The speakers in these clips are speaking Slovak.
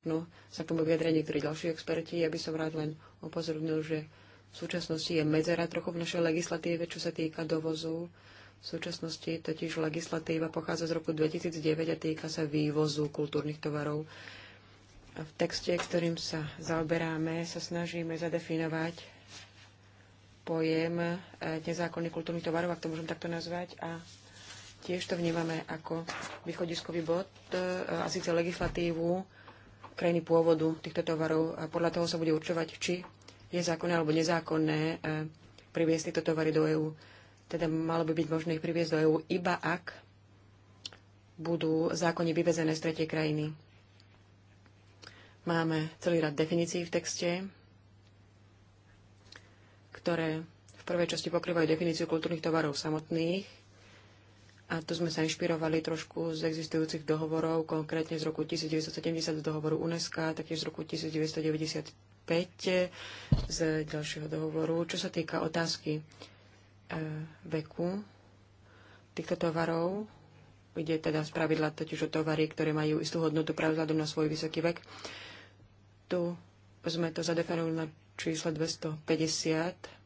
No, sa k tomu vyjadria niektorí ďalší experti. Ja by som rád len upozornil, že v súčasnosti je medzera trochu v našej legislatíve, čo sa týka dovozu. V súčasnosti totiž legislatíva pochádza z roku 2009 a týka sa vývozu kultúrnych tovarov. A v texte, ktorým sa zaoberáme, sa snažíme zadefinovať pojem e, nezákonných kultúrnych tovarov, ak to môžem takto nazvať, a tiež to vnímame ako východiskový bod, e, a síce legislatívu, krajiny pôvodu týchto tovarov a podľa toho sa bude určovať, či je zákonné alebo nezákonné e, priviesť tieto tovary do EÚ. Teda malo by byť možné ich priviesť do EÚ iba ak budú zákonne vyvezené z tretej krajiny. Máme celý rad definícií v texte, ktoré v prvej časti pokrývajú definíciu kultúrnych tovarov samotných, a tu sme sa inšpirovali trošku z existujúcich dohovorov, konkrétne z roku 1970 z dohovoru UNESCO, taktiež z roku 1995 z ďalšieho dohovoru. Čo sa týka otázky e, veku týchto tovarov, ide teda z pravidla totiž o tovary, ktoré majú istú hodnotu práve vzhľadom na svoj vysoký vek. Tu sme to zadefinovali na čísle 250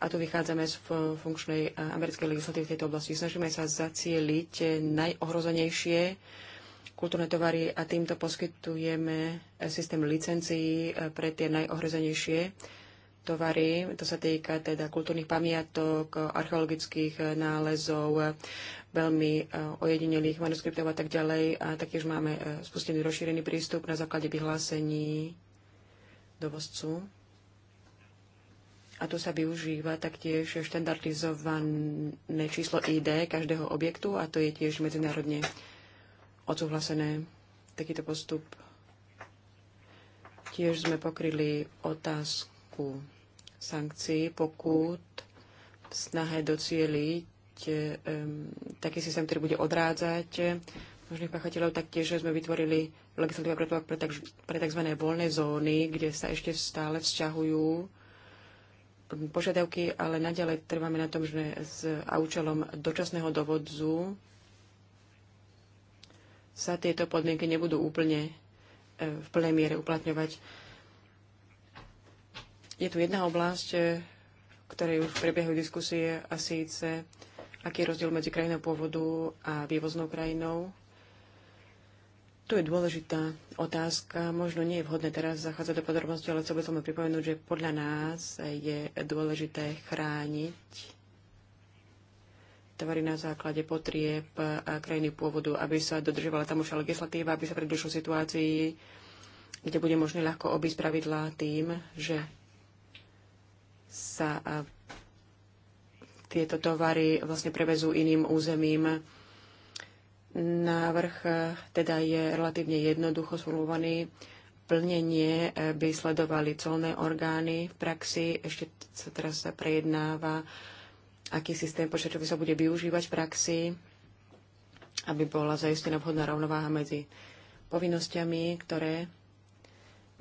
a tu vychádzame z funkčnej eh, americkej legislatívy v tejto oblasti. Snažíme sa zacieliť najohrozenejšie kultúrne tovary a týmto poskytujeme eh, systém licencií eh, pre tie najohrozenejšie tovary. To sa týka teda kultúrnych pamiatok, archeologických nálezov, veľmi ojedinelých manuskriptov a tak ďalej. A taktiež máme spustený rozšírený prístup na základe vyhlásení dovozcu. A tu sa využíva taktiež štandardizované číslo ID každého objektu a to je tiež medzinárodne odsúhlasené takýto postup. Tiež sme pokryli otázku sankcií, pokút v snahe docieliť um, taký systém, ktorý bude odrádzať možných pachateľov, taktiež sme vytvorili legislatíva pre, pre, pre tzv. voľné zóny, kde sa ešte stále vzťahujú požiadavky, ale naďalej trváme na tom, že s účelom dočasného dovodzu sa tieto podmienky nebudú úplne e, v plnej miere uplatňovať. Je tu jedna oblasť, v e, ktorej už prebiehajú diskusie a síce, aký je rozdiel medzi krajinou pôvodu a vývoznou krajinou. To je dôležitá otázka. Možno nie je vhodné teraz zachádzať do podrobnosti, ale chcel by som pripomenúť, že podľa nás je dôležité chrániť tvary na základe potrieb a krajiny pôvodu, aby sa dodržovala tam už legislatíva, aby sa predlžil situácii, kde bude možné ľahko obísť pravidlá tým, že sa tieto tovary vlastne prevezú iným územím Návrh eh, teda je relatívne jednoducho sformulovaný. Plnenie eh, by sledovali colné orgány v praxi. Ešte sa teraz sa prejednáva, aký systém počítačový sa bude využívať v praxi, aby bola zaistená vhodná rovnováha medzi povinnosťami, ktoré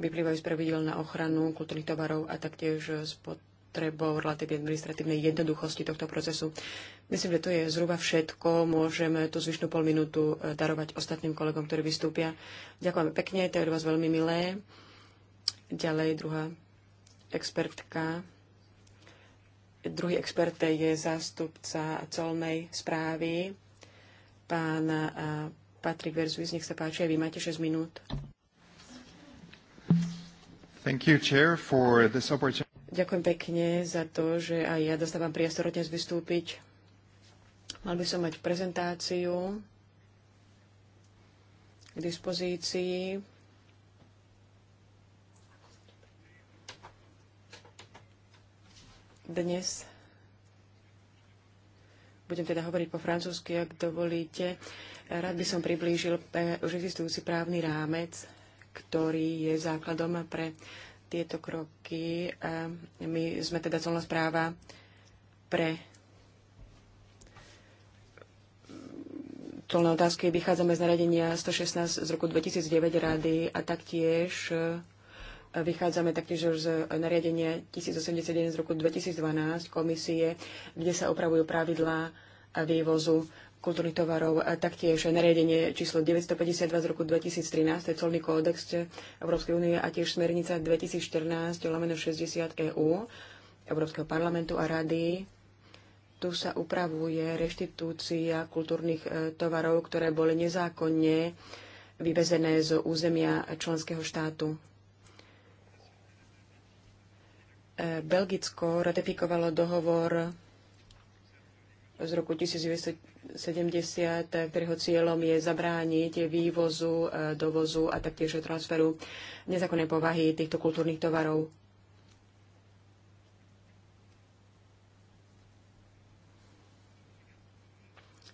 vyplývajú z pravidel na ochranu kultúrnych tovarov a taktiež z pod potrebou relatívnej administratívnej jednoduchosti tohto procesu. Myslím, že to je zhruba všetko. Môžeme tú zvyšnú pol minútu e, darovať ostatným kolegom, ktorí vystúpia. Ďakujem pekne, to je od vás veľmi milé. Ďalej druhá expertka. Druhý expert je zástupca colnej správy, pán e, Patrik Verzuis. Nech sa páči, aj vy máte 6 minút. Thank you, Chair, for this opportunity. Ďakujem pekne za to, že aj ja dostávam priestor dnes vystúpiť. Mal by som mať prezentáciu k dispozícii. Dnes budem teda hovoriť po francúzsky, ak dovolíte. Rád by som priblížil eh, už existujúci právny rámec, ktorý je základom pre tieto kroky. a My sme teda celná správa pre colné otázky. Vychádzame z naradenia 116 z roku 2009 rady a taktiež e, vychádzame taktiež z nariadenia 1081 z roku 2012 komisie, kde sa opravujú pravidlá vývozu kultúrnych tovarov, taktiež nariadenie číslo 952 z roku 2013, to je colný kódex Európskej únie a tiež smernica 2014 lomeno 60 EU Európskeho parlamentu a rady. Tu sa upravuje reštitúcia kultúrnych e, tovarov, ktoré boli nezákonne vyvezené z územia členského štátu. E, Belgicko ratifikovalo dohovor z roku 1970, ktorého cieľom je zabrániť vývozu, e, dovozu a taktiež transferu nezákonnej povahy týchto kultúrnych tovarov.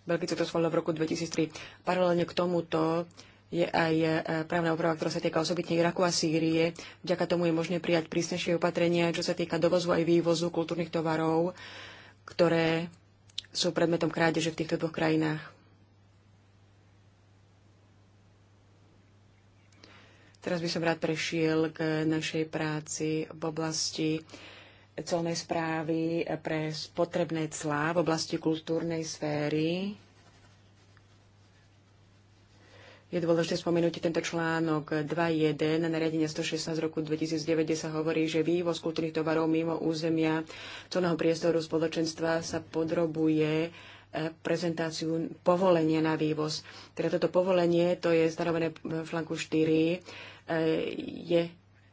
Belgicko to schválil v roku 2003. Paralelne k tomuto je aj e, právna úprava, ktorá sa týka osobitne Iraku a Sýrie. Vďaka tomu je možné prijať prísnejšie opatrenia, čo sa týka dovozu aj vývozu kultúrnych tovarov, ktoré sú predmetom krádeže v týchto dvoch krajinách. Teraz by som rád prešiel k našej práci v oblasti colnej správy pre spotrebné clá v oblasti kultúrnej sféry je dôležité spomenúť tento článok 2.1 nariadenie 116 z roku 2009, sa hovorí, že vývoz kultúrnych tovarov mimo územia celného priestoru spoločenstva sa podrobuje e, prezentáciu povolenia na vývoz. Teda toto povolenie, to je stanovené v flanku 4, e, je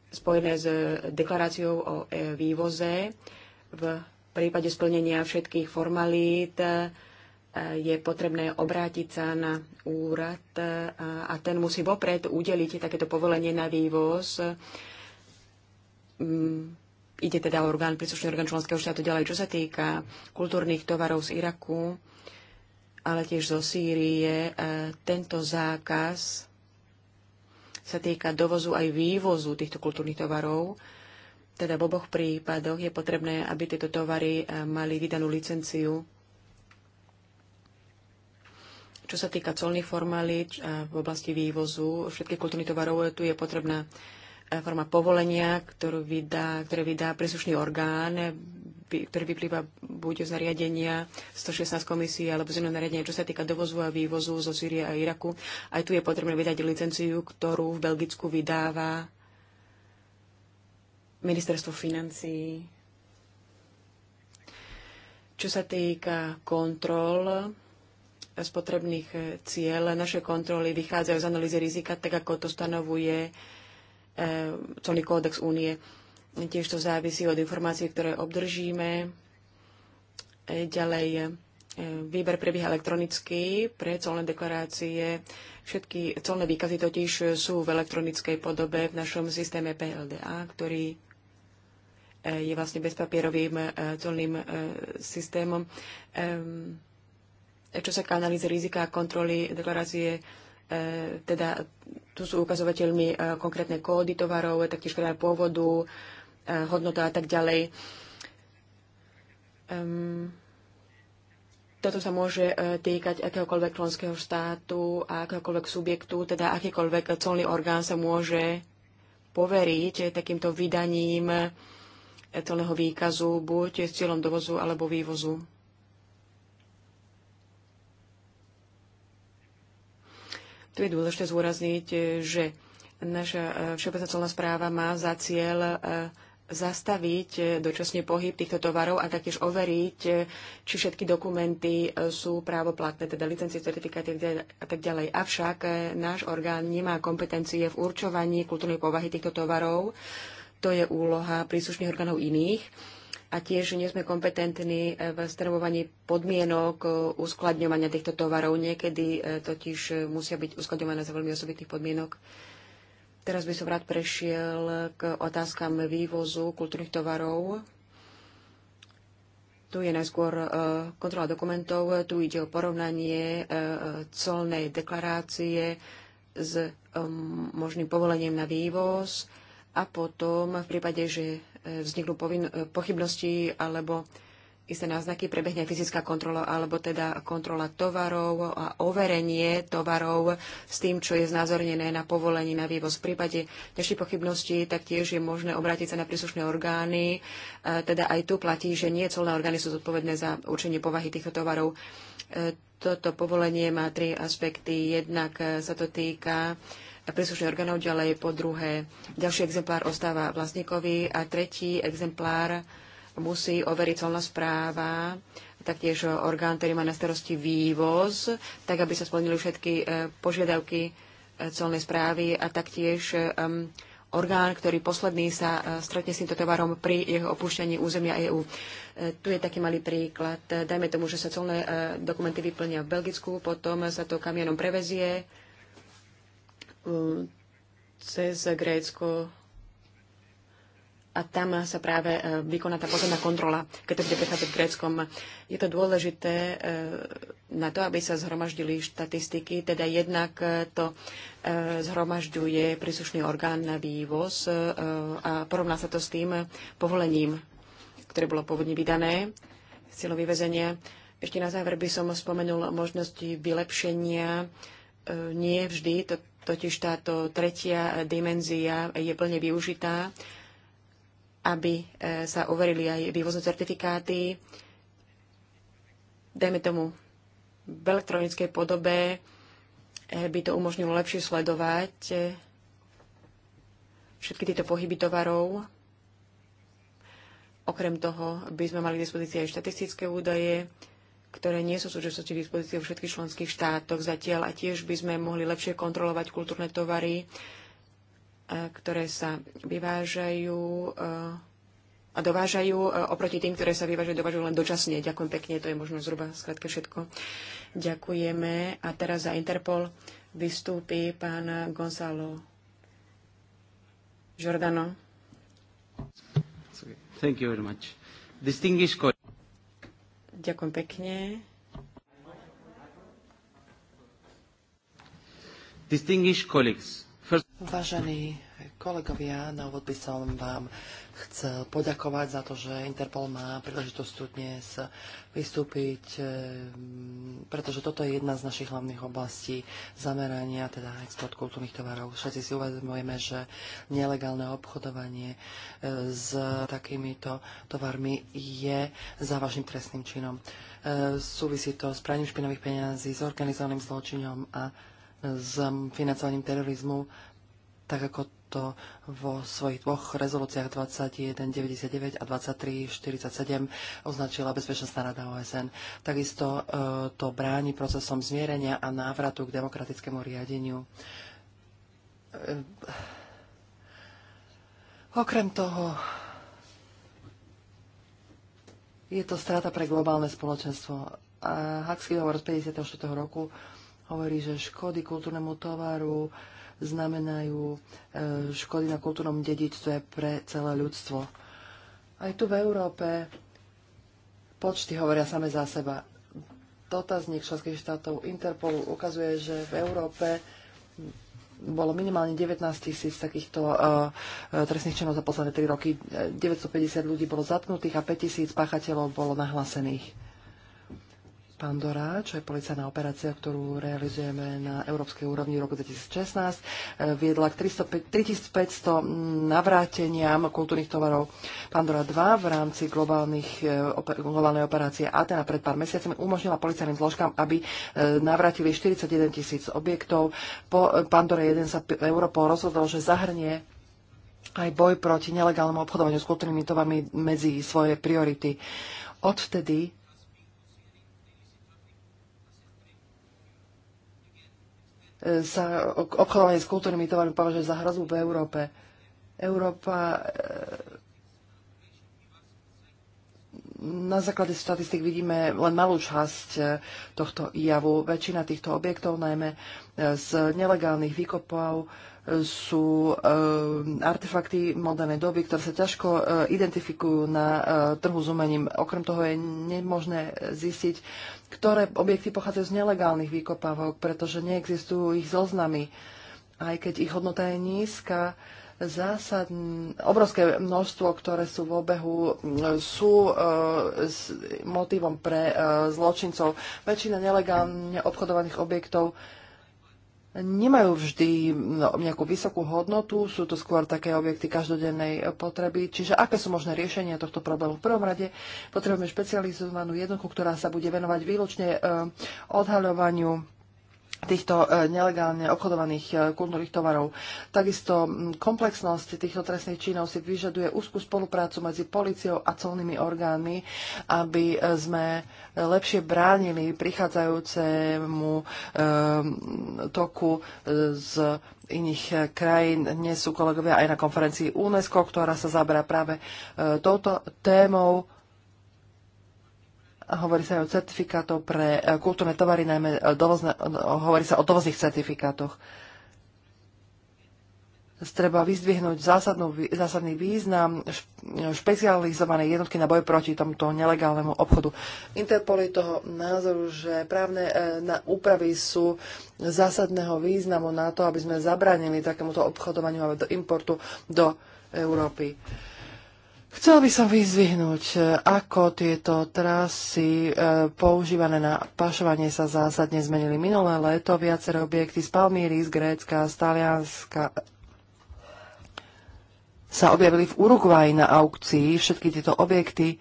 spojené s deklaráciou o e, vývoze v prípade splnenia všetkých formalít, je potrebné obrátiť sa na úrad a ten musí vopred udeliť takéto povolenie na vývoz. Mm, ide teda o orgán, príslušný orgán členského štátu ďalej, čo sa týka kultúrnych tovarov z Iraku, ale tiež zo Sýrie. E, tento zákaz sa týka dovozu aj vývozu týchto kultúrnych tovarov. Teda v oboch prípadoch je potrebné, aby tieto tovary e, mali vydanú licenciu čo sa týka colných formalít v oblasti vývozu všetkých kultúrnych tovarov, tu je potrebná e, forma povolenia, ktorú vydá, ktoré vydá príslušný orgán, ktorý vyplýva buď z nariadenia 116 komisie alebo z iného nariadenia, čo sa týka dovozu a vývozu zo Sýrie a Iraku. Aj tu je potrebné vydať licenciu, ktorú v Belgicku vydáva ministerstvo financí. Čo sa týka kontrol, spotrebných e, cieľ. Naše kontroly vychádzajú z analýzy rizika, tak ako to stanovuje e, celý kódex únie. Tiež to závisí od informácií, ktoré obdržíme. E, ďalej, výber prebieha elektronicky pre colné deklarácie. Všetky colné výkazy totiž sú v elektronickej podobe v našom systéme PLDA, ktorý je vlastne bezpapierovým colným systémom čo sa k rizika a kontroly deklarácie e, teda tu sú ukazovateľmi e, konkrétne kódy tovarov, taktiež kraj teda pôvodu, e, hodnota a tak ďalej. Ehm, toto sa môže týkať akéhokoľvek členského štátu a akéhokoľvek subjektu, teda akýkoľvek colný orgán sa môže poveriť takýmto vydaním celého výkazu buď s cieľom dovozu alebo vývozu. Tu je dôležité zúrazniť, e, že naša e, všeobecná celná správa má za cieľ e, zastaviť dočasne pohyb týchto tovarov a taktiež overiť, či všetky dokumenty sú právoplatné, teda licencie, certifikáty a tak ďalej. Avšak náš orgán nemá kompetencie v určovaní kultúrnej povahy týchto tovarov. To je úloha príslušných orgánov iných a tiež nie sme kompetentní eh, v stanovovaní podmienok eh, uskladňovania týchto tovarov. Niekedy eh, totiž musia byť uskladňované za veľmi osobitných podmienok. Teraz by som rád prešiel k otázkam vývozu kultúrnych tovarov. Tu je najskôr kontrola dokumentov, tu ide o porovnanie colnej deklarácie s možným povolením na vývoz a potom v prípade, že vzniknú pochybnosti alebo isté náznaky, prebehne fyzická kontrola alebo teda kontrola tovarov a overenie tovarov s tým, čo je znázornené na povolení na vývoz. V prípade ďalších pochybností taktiež je možné obrátiť sa na príslušné orgány. E, teda aj tu platí, že nie colné orgány sú zodpovedné za určenie povahy týchto tovarov. E, toto povolenie má tri aspekty. Jednak sa to týka príslušných orgánov ďalej. Po druhé, ďalší exemplár ostáva vlastníkovi a tretí exemplár musí overiť celná správa, taktiež orgán, ktorý má na starosti vývoz, tak aby sa splnili všetky e, požiadavky e, colnej správy a taktiež e, orgán, ktorý posledný sa stretne s týmto tovarom pri jeho opúšťaní územia EÚ. Tu je taký malý príklad. Dajme tomu, že sa colné dokumenty vyplnia v Belgicku, potom sa to kamionom prevezie cez Grécko a tam sa práve e, vykoná tá pozemná kontrola, keď to bude prechádzať v Gréckom. Je to dôležité e, na to, aby sa zhromaždili štatistiky, teda jednak e, to zhromažďuje príslušný orgán na vývoz a porovná sa to s tým povolením, ktoré bolo pôvodne vydané s cieľom vyvezenia. Ešte na záver by som spomenul možnosti vylepšenia. Nie vždy to Totiž táto tretia dimenzia je plne využitá, aby e, sa overili aj vývozné certifikáty, dajme tomu v elektronickej podobe, e, by to umožnilo lepšie sledovať e, všetky tieto pohyby tovarov. Okrem toho by sme mali k dispozícii aj štatistické údaje, ktoré nie sú v súčasnosti v dispozícii vo všetkých členských štátoch zatiaľ a tiež by sme mohli lepšie kontrolovať kultúrne tovary, e, ktoré sa vyvážajú e, a dovážajú e, oproti tým, ktoré sa vyvážajú, dovážajú len dočasne. Ďakujem pekne, to je možno zhruba skratke všetko. Ďakujeme. A teraz za Interpol vystúpi pán Gonzalo Giordano. Thank you very much. Distinguished Ďakujem pekne. Distinguished colleagues. Vážení Kolegovia, na úvod by som vám chcel poďakovať za to, že Interpol má príležitosť tu dnes vystúpiť, eh, pretože toto je jedna z našich hlavných oblastí zamerania, teda export kultúrnych tovarov. Všetci si uvedomujeme, že nelegálne obchodovanie eh, s takýmito tovarmi je závažným trestným činom. Eh, súvisí to s praním špinových peniazí, s organizovaným zločinom a s financovaním terorizmu, tak ako to vo svojich dvoch rezolúciách 2199 a 2347 označila Bezpečnostná rada OSN. Takisto e, to bráni procesom zmierenia a návratu k demokratickému riadeniu. E, okrem toho je to strata pre globálne spoločenstvo. Huxley hovor z 54. roku hovorí, že škody kultúrnemu tovaru, znamenajú e, škody na kultúrnom dedictve pre celé ľudstvo. Aj tu v Európe počty hovoria same za seba. Dotazník členských štátov Interpolu ukazuje, že v Európe bolo minimálne 19 tisíc takýchto uh, trestných činov za posledné 3 roky. 950 ľudí bolo zatknutých a 5 tisíc páchateľov bolo nahlásených. Pandora, čo je policajná operácia, ktorú realizujeme na európskej úrovni v roku 2016, eh, viedla k 3500 navráteniam kultúrnych tovarov Pandora 2 v rámci globálnych, eh, globálnej operácie Atena pred pár mesiacmi umožnila policajným zložkám, aby eh, navrátili 41 tisíc objektov. Po Pandore 1 sa Europol rozhodol, že zahrnie aj boj proti nelegálnemu obchodovaniu s kultúrnymi tovarmi medzi svoje priority. Odvtedy sa obchodovanie s kultúrnymi tovarmi považuje za hrozbu v Európe. Európa e, na základe štatistik vidíme len malú časť e, tohto javu. Väčšina týchto objektov, najmä e, z nelegálnych výkopov, sú artefakty modernej doby, ktoré sa ťažko identifikujú na trhu s umením. Okrem toho je nemožné zistiť, ktoré objekty pochádzajú z nelegálnych výkopávok, pretože neexistujú ich zoznamy. Aj keď ich hodnota je nízka, zásadn... obrovské množstvo, ktoré sú v obehu, sú e, s motivom pre e, zločincov. Väčšina nelegálne obchodovaných objektov nemajú vždy no, nejakú vysokú hodnotu, sú to skôr také objekty každodennej potreby. Čiže aké sú možné riešenia tohto problému? V prvom rade potrebujeme špecializovanú jednotku, ktorá sa bude venovať výlučne eh, odhaľovaniu týchto e, nelegálne obchodovaných e, kultúrnych tovarov. Takisto komplexnosť týchto trestných činov si vyžaduje úzkú spoluprácu medzi policiou a colnými orgánmi, aby e, sme lepšie bránili prichádzajúcemu toku z iných krajín. Dnes sú kolegovia aj na konferencii UNESCO, ktorá sa zabera práve touto témou Hovorí sa aj o certifikátov pre e, kultúrne tovary, najmä e, dovozne, hovorí sa o dovozných certifikátoch. Treba vyzdvihnúť zásadnú, zásadný význam e, špecializovanej jednotky na boj proti tomuto nelegálnemu obchodu. Interpol je toho názoru, že právne úpravy sú zásadného významu na to, aby sme zabránili takémuto obchodovaniu alebo do importu do Európy. Chcel by som vyzvihnúť, e, ako tieto trasy e, používané na pašovanie sa zásadne zmenili. Minulé leto viaceré objekty z Palmíry, z Grécka, z Talianska sa objavili v Uruguay na aukcii. Všetky tieto objekty e,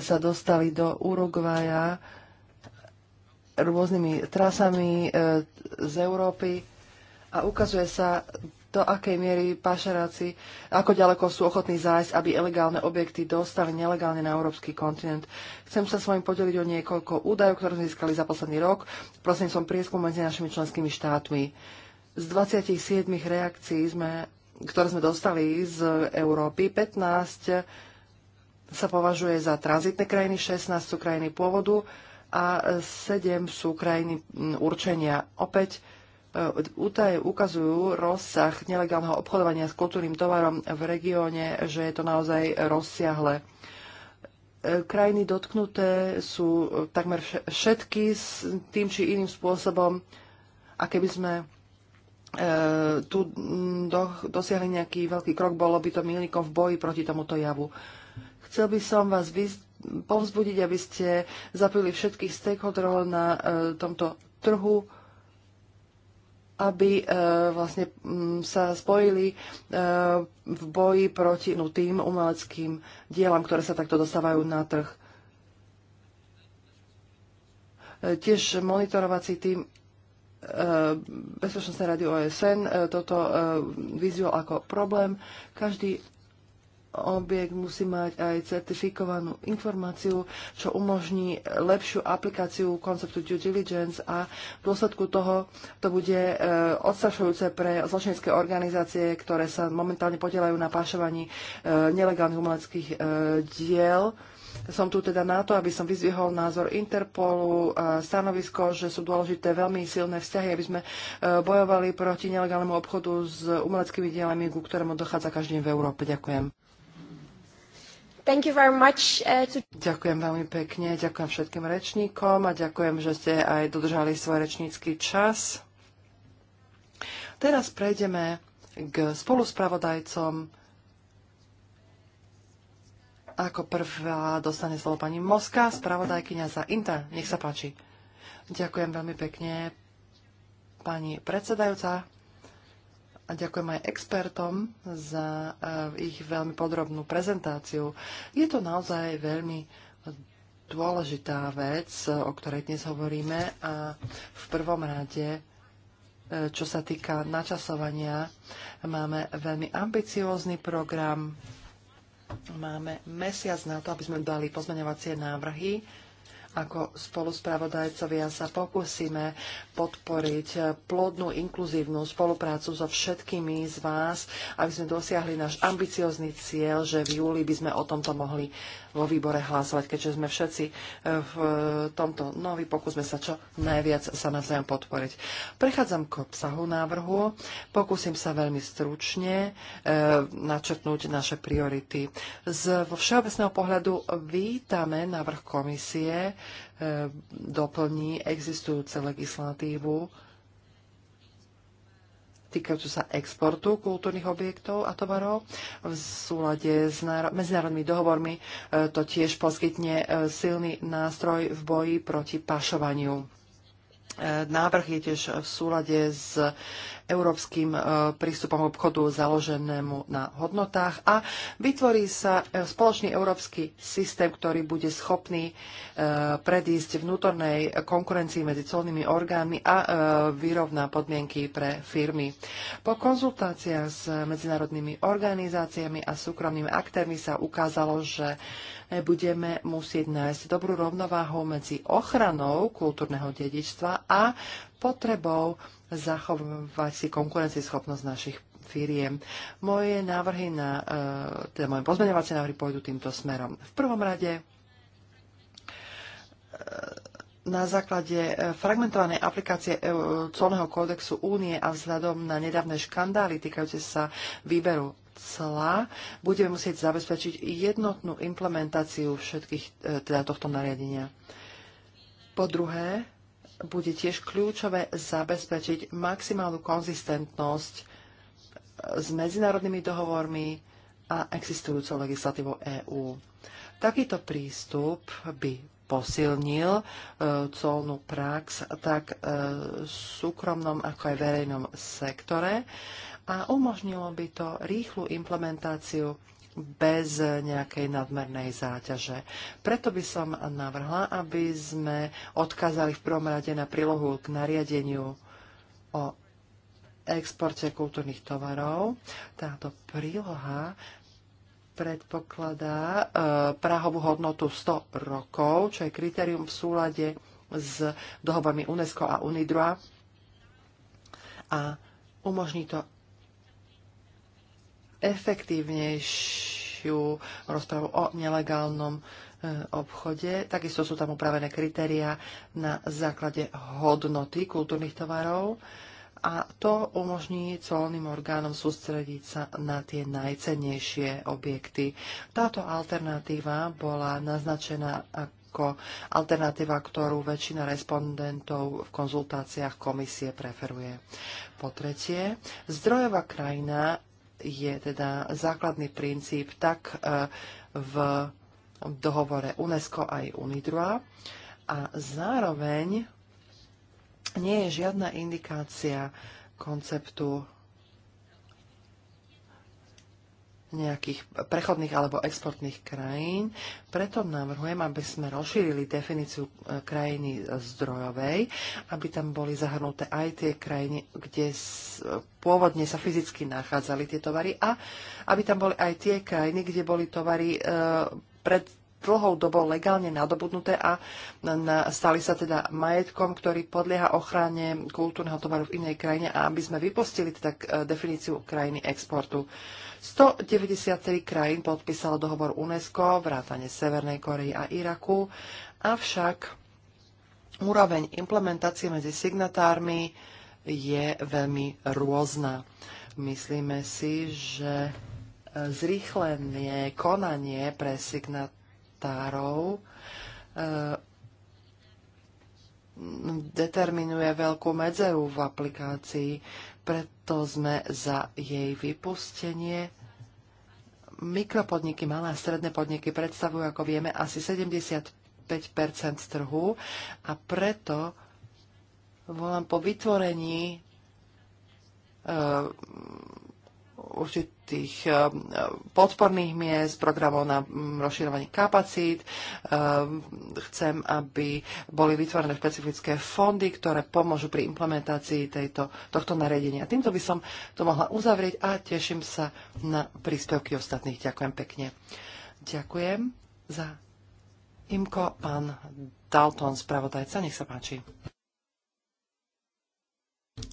sa dostali do Uruguaja rôznymi trasami z Európy a ukazuje sa do akej miery pašeráci, ako ďaleko sú ochotní zájsť, aby ilegálne objekty dostali nelegálne na európsky kontinent. Chcem sa s vami podeliť o niekoľko údajov, ktoré sme získali za posledný rok. Prosím som prieskum medzi našimi členskými štátmi. Z 27 reakcií, sme, ktoré sme dostali z Európy, 15 sa považuje za tranzitné krajiny, 16 sú krajiny pôvodu a 7 sú krajiny určenia. Opäť E, Útaje ukazujú rozsah nelegálneho obchodovania s kultúrnym tovarom v regióne, že je to naozaj rozsiahle. E, krajiny dotknuté sú takmer všetky s tým či iným spôsobom a keby sme e, tu dosiahli nejaký veľký krok, bolo by to milníkom v boji proti tomuto javu. Chcel by som vás povzbudiť, aby ste zapojili všetkých stakeholderov na tomto trhu, aby e, vlastne mm, sa spojili e, v boji proti no, tým umeleckým dielam, ktoré sa takto dostávajú na trh. E, tiež monitorovací tým Bezpečnostnej rady OSN toto vyzval ako problém. Každý objekt musí mať aj certifikovanú informáciu, čo umožní lepšiu aplikáciu konceptu due diligence a v dôsledku toho to bude e, odstrašujúce pre zločinecké organizácie, ktoré sa momentálne podielajú na pášovaní e, nelegálnych umeleckých e, diel. Som tu teda na to, aby som vyzvihol názor Interpolu, stanovisko, že sú dôležité veľmi silné vzťahy, aby sme bojovali proti nelegálnemu obchodu s umeleckými dielami, ku ktorému dochádza každý deň v Európe. Ďakujem. Much, uh, to... Ďakujem veľmi pekne, ďakujem všetkým rečníkom a ďakujem, že ste aj dodržali svoj rečnícky čas. Teraz prejdeme k spoluspravodajcom. Ako prvá dostane slovo pani Moska, spravodajkyňa za Inter. Nech sa páči. Ďakujem veľmi pekne, pani predsedajúca a ďakujem aj expertom za eh, ich veľmi podrobnú prezentáciu. Je to naozaj veľmi dôležitá vec, o ktorej dnes hovoríme a v prvom rade, eh, čo sa týka načasovania, máme veľmi ambiciózny program, máme mesiac na to, aby sme dali pozmeňovacie návrhy ako spoluspravodajcovia sa pokúsime podporiť plodnú, inkluzívnu spoluprácu so všetkými z vás, aby sme dosiahli náš ambiciozný cieľ, že v júli by sme o tomto mohli vo výbore hlasovať, keďže sme všetci eh, v tomto noví, pokúsme sa čo najviac sa navzájom podporiť. Prechádzam k obsahu návrhu, pokúsim sa veľmi stručne e, načrtnúť naše priority. Z vo všeobecného pohľadu vítame návrh komisie, E, doplní existujúce legislatívu týkajúcu sa exportu kultúrnych objektov a tovarov. V súlade s medzinárodnými dohovormi e, to tiež poskytne e, silný nástroj v boji proti pašovaniu. Návrh je tiež v súlade s európskym e, prístupom obchodu založenému na hodnotách a vytvorí sa e, spoločný európsky systém, ktorý bude schopný e, predísť vnútornej konkurencii medzi colnými orgánmi a vyrovná podmienky pre firmy. Po konzultáciách s medzinárodnými organizáciami a súkromnými aktérmi sa ukázalo, že budeme musieť nájsť dobrú rovnováhu medzi ochranou kultúrneho dedičstva a potrebou zachovať si konkurencieschopnosť našich firiem. Moje návrhy na, e, teda moje pozmeňovacie návrhy pôjdu týmto smerom. V prvom rade e, na základe e, fragmentovanej aplikácie colného kódexu únie a vzhľadom na nedávne škandály týkajúce sa výberu cla, budeme musieť zabezpečiť jednotnú implementáciu všetkých teda tohto nariadenia. Po druhé, bude tiež kľúčové zabezpečiť maximálnu konzistentnosť e, s medzinárodnými dohovormi a existujúcou legislatívou EÚ. Takýto prístup by posilnil e, colnú prax tak e, v súkromnom ako aj verejnom sektore a umožnilo by to rýchlu implementáciu bez nejakej nadmernej záťaže. Preto by som navrhla, aby sme odkázali v prvom rade na prílohu k nariadeniu o exporte kultúrnych tovarov. Táto príloha predpokladá e, prahovú hodnotu 100 rokov, čo je kritérium v súlade s dohovami UNESCO a UNIDRA a umožní to efektívnejšiu rozpravu o nelegálnom e, obchode. Takisto sú tam upravené kritéria na základe hodnoty kultúrnych tovarov a to umožní colným orgánom sústrediť sa na tie najcennejšie objekty. Táto alternatíva bola naznačená ako alternatíva, ktorú väčšina respondentov v konzultáciách komisie preferuje. Po tretie, zdrojová krajina je teda základný princíp tak e, v dohovore UNESCO aj UNIDROA a zároveň nie je žiadna indikácia konceptu nejakých prechodných alebo exportných krajín. Preto navrhujem, aby sme rozšírili definíciu e, krajiny zdrojovej, aby tam boli zahrnuté aj tie krajiny, kde e, pôvodne sa fyzicky nachádzali tie tovary a aby tam boli aj tie krajiny, kde boli tovary e, pred dlhou dobou legálne nadobudnuté a stali sa teda majetkom, ktorý podlieha ochrane kultúrneho tovaru v inej krajine a aby sme vypustili teda eh, definíciu krajiny exportu. 193 krajín podpísalo dohovor UNESCO, vrátane Severnej Korei a Iraku, avšak úroveň implementácie medzi signatármi je veľmi rôzna. Myslíme si, že eh, zrýchlenie konanie pre signat Tatárov eh, determinuje veľkú medzeru v aplikácii, preto sme za jej vypustenie. Mikropodniky, malé a stredné podniky predstavujú, ako vieme, asi 75 trhu a preto volám po vytvorení eh, určitých tých eh, podporných miest, programov na mm, rozširovanie kapacít. Eh, chcem, aby boli vytvorené špecifické fondy, ktoré pomôžu pri implementácii tejto, tohto nariadenia. Týmto by som to mohla uzavrieť a teším sa na príspevky ostatných. Ďakujem pekne. Ďakujem za Imko, pán Dalton, spravodajca, nech sa páči.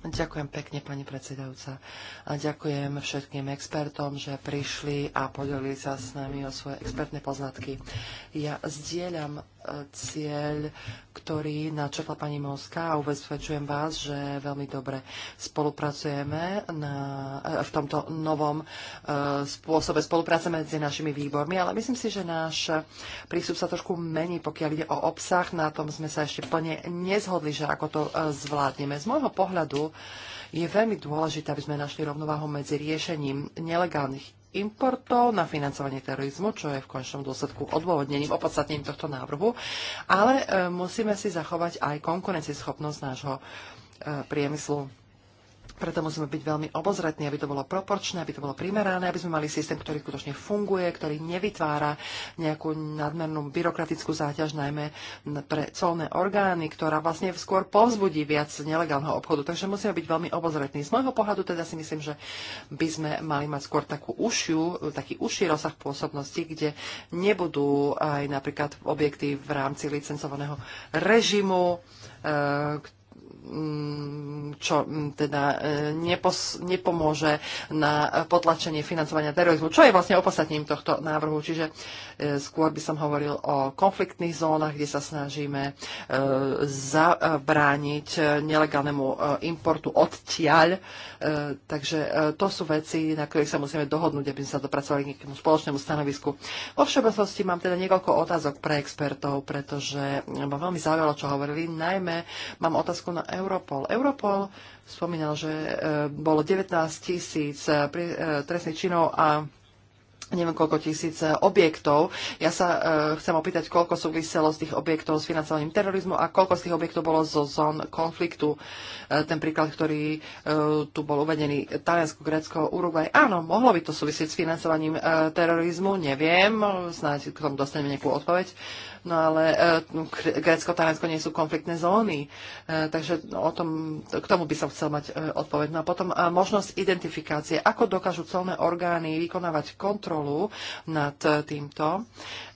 Ďakujem pekne, pani predsedajúca. A ďakujem všetkým expertom, že prišli a podelili sa s nami o svoje expertné poznatky. Ja zdieľam cieľ, ktorý načrtla pani Moska a ubezpečujem vás, že veľmi dobre spolupracujeme na, e, v tomto novom e, spôsobe spolupráce medzi našimi výbormi, ale myslím si, že náš prístup sa trošku mení, pokiaľ ide o obsah. Na tom sme sa ešte plne nezhodli, že ako to e, zvládneme. Z môjho pohľadu je veľmi dôležité, aby sme našli rovnováhu medzi riešením nelegálnych importov, na financovanie terorizmu, čo je v končnom dôsledku odôvodnením, opodstatnením tohto návrhu, ale e, musíme si zachovať aj konkurencieschopnosť nášho e, priemyslu. Preto musíme byť veľmi obozretní, aby to bolo proporčné, aby to bolo primerané, aby sme mali systém, ktorý skutočne funguje, ktorý nevytvára nejakú nadmernú byrokratickú záťaž, najmä pre colné orgány, ktorá vlastne skôr povzbudí viac nelegálneho obchodu. Takže musíme byť veľmi obozretní. Z môjho pohľadu teda si myslím, že by sme mali mať skôr takú ušiu, taký uší rozsah pôsobnosti, kde nebudú aj napríklad objekty v rámci licencovaného režimu, e, Mm, čo mm, teda e, nepos, nepomôže na potlačenie financovania terorizmu, čo je vlastne opodstatním tohto návrhu. Čiže e, skôr by som hovoril o konfliktných zónach, kde sa snažíme e, zabrániť nelegálnemu importu odtiaľ. Takže to sú veci, na ktorých sa musíme dohodnúť, aby sme sa dopracovali k nejakému spoločnému stanovisku. Vo všeobecnosti mám teda niekoľko otázok pre expertov, pretože ma veľmi zaujalo, čo hovorili. Najmä mám otázku na Europol. Europol spomínal, že e, bolo 19 tisíc e, e, trestných činov a neviem koľko tisíc objektov. Ja sa e, chcem opýtať, koľko súviselo z tých objektov s financovaním terorizmu a koľko z tých objektov bolo zo zón konfliktu. E, ten príklad, ktorý e, tu bol uvedený, Taliansko, Grécko, Uruguay. Áno, mohlo by to súvisieť s financovaním e, terorizmu, neviem, snáď k tomu dostaneme nejakú odpoveď. No ale e, Grécko a Taliansko nie sú konfliktné zóny. E, takže o tom, k tomu by som chcel mať e, odpoveď. No a potom možnosť identifikácie. Ako dokážu celné orgány vykonávať kontrolu nad týmto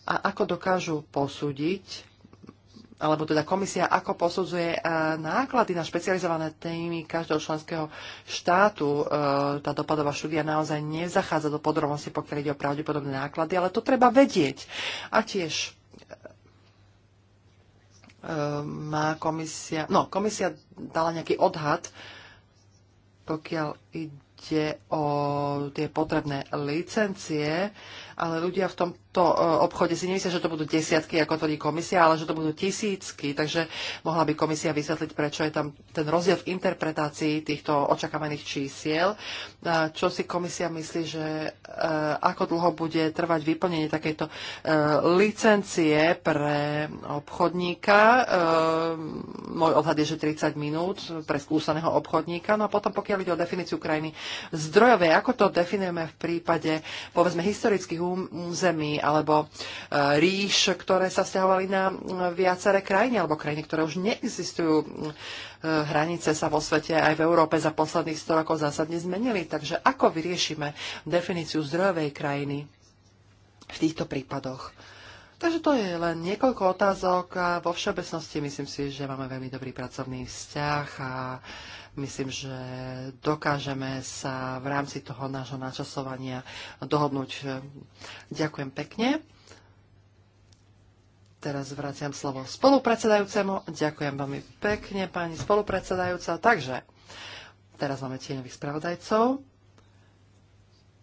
a ako dokážu posúdiť alebo teda komisia ako posudzuje náklady na špecializované témy každého členského štátu. Tá dopadová štúdia naozaj nezachádza do podrobnosti, pokiaľ ide o pravdepodobné náklady, ale to treba vedieť. A tiež Ehm, má komisia, no komisia dala nejaký odhad, pokiaľ ide o tie potrebné licencie ale ľudia v tomto e, obchode si nemyslia, že to budú desiatky, ako tvrdí komisia, ale že to budú tisícky. Takže mohla by komisia vysvetliť, prečo je tam ten rozdiel v interpretácii týchto očakávaných čísiel. Čo si komisia myslí, že e, ako dlho bude trvať vyplnenie takejto e, licencie pre obchodníka. Môj odhad je, že 30 minút pre skúseného obchodníka. No a potom, pokiaľ ide o definíciu krajiny zdrojovej, ako to definujeme v prípade, povedzme, historických európskych území alebo e, ríš, ktoré sa stiahovali na e, viaceré krajiny alebo krajiny, ktoré už neexistujú. E, hranice sa vo svete aj v Európe za posledných 100 rokov zásadne zmenili. Takže ako vyriešime definíciu zdrojovej krajiny v týchto prípadoch? Takže to je len niekoľko otázok a vo všeobecnosti myslím si, že máme veľmi dobrý pracovný vzťah a Myslím, že dokážeme sa v rámci toho nášho načasovania dohodnúť. Ďakujem pekne. Teraz vraciam slovo spolupredsedajúcemu. Ďakujem veľmi pekne, pani spolupredsedajúca. Takže, teraz máme tieňových spravodajcov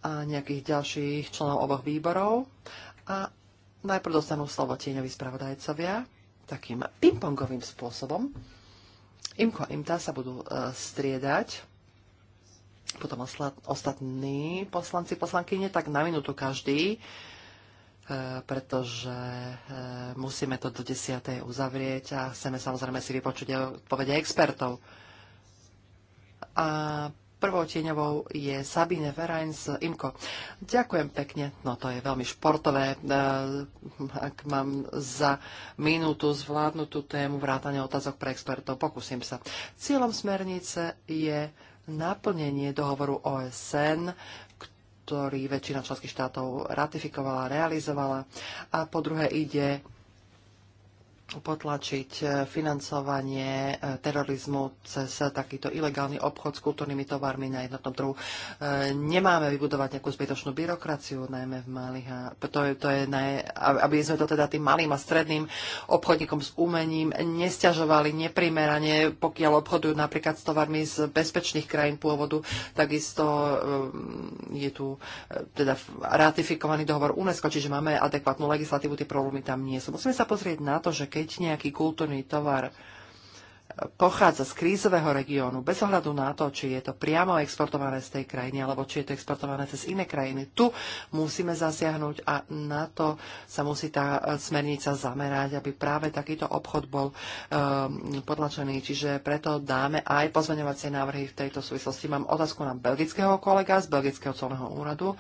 a nejakých ďalších členov oboch výborov. A najprv dostanú slovo tieňoví spravodajcovia takým pingpongovým spôsobom. Imko a Imta sa budú e, striedať. Potom ostatní poslanci, poslankyne, tak na minútu každý, e, pretože e, musíme to do desiatej uzavrieť a chceme samozrejme si vypočuť odpovede expertov. A Prvou tieňovou je Sabine Verajn z IMKO. Ďakujem pekne. No to je veľmi športové. Eh, ak mám za minútu zvládnutú tému vrátania otázok pre expertov, pokúsim sa. Cieľom smernice je naplnenie dohovoru OSN, ktorý väčšina členských štátov ratifikovala, realizovala. A po druhé ide potlačiť e, financovanie e, terorizmu cez e, takýto ilegálny obchod s kultúrnymi tovarmi na jednotnom trhu. Nemáme vybudovať nejakú zbytočnú byrokraciu, najmä v malých. A to je, to je na, aby sme to teda tým malým a stredným obchodníkom s umením nestiažovali neprimerane, pokiaľ obchodujú napríklad s tovarmi z bezpečných krajín pôvodu. Takisto je tu teda ratifikovaný dohovor UNESCO, čiže máme adekvátnu legislatívu, tie problémy tam nie sú. Musíme sa pozrieť na to, že keď keď nejaký kultúrny tovar pochádza z krízového regiónu, bez ohľadu na to, či je to priamo exportované z tej krajiny, alebo či je to exportované cez iné krajiny. Tu musíme zasiahnuť a na to sa musí tá smernica zamerať, aby práve takýto obchod bol um, potlačený. Čiže preto dáme aj pozmeňovacie návrhy v tejto súvislosti. Mám otázku na belgického kolega z Belgického colného úradu.